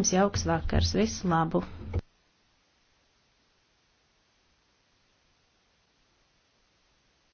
Jums jauks vakars, visu labu!